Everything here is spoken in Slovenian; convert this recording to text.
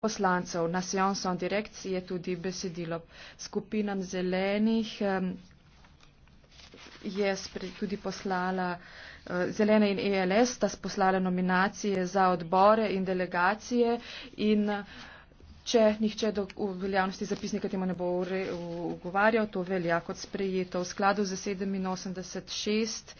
poslancev. Na Sjonson direkciji je tudi besedilo. Skupinam zelenih je tudi poslala, eh, zelene in ELS sta poslala nominacije za odbore in delegacije in Če nihče do uveljavnosti zapisnika temu ne bo ugovarjal, to velja kot sprejeto. V skladu z 87.6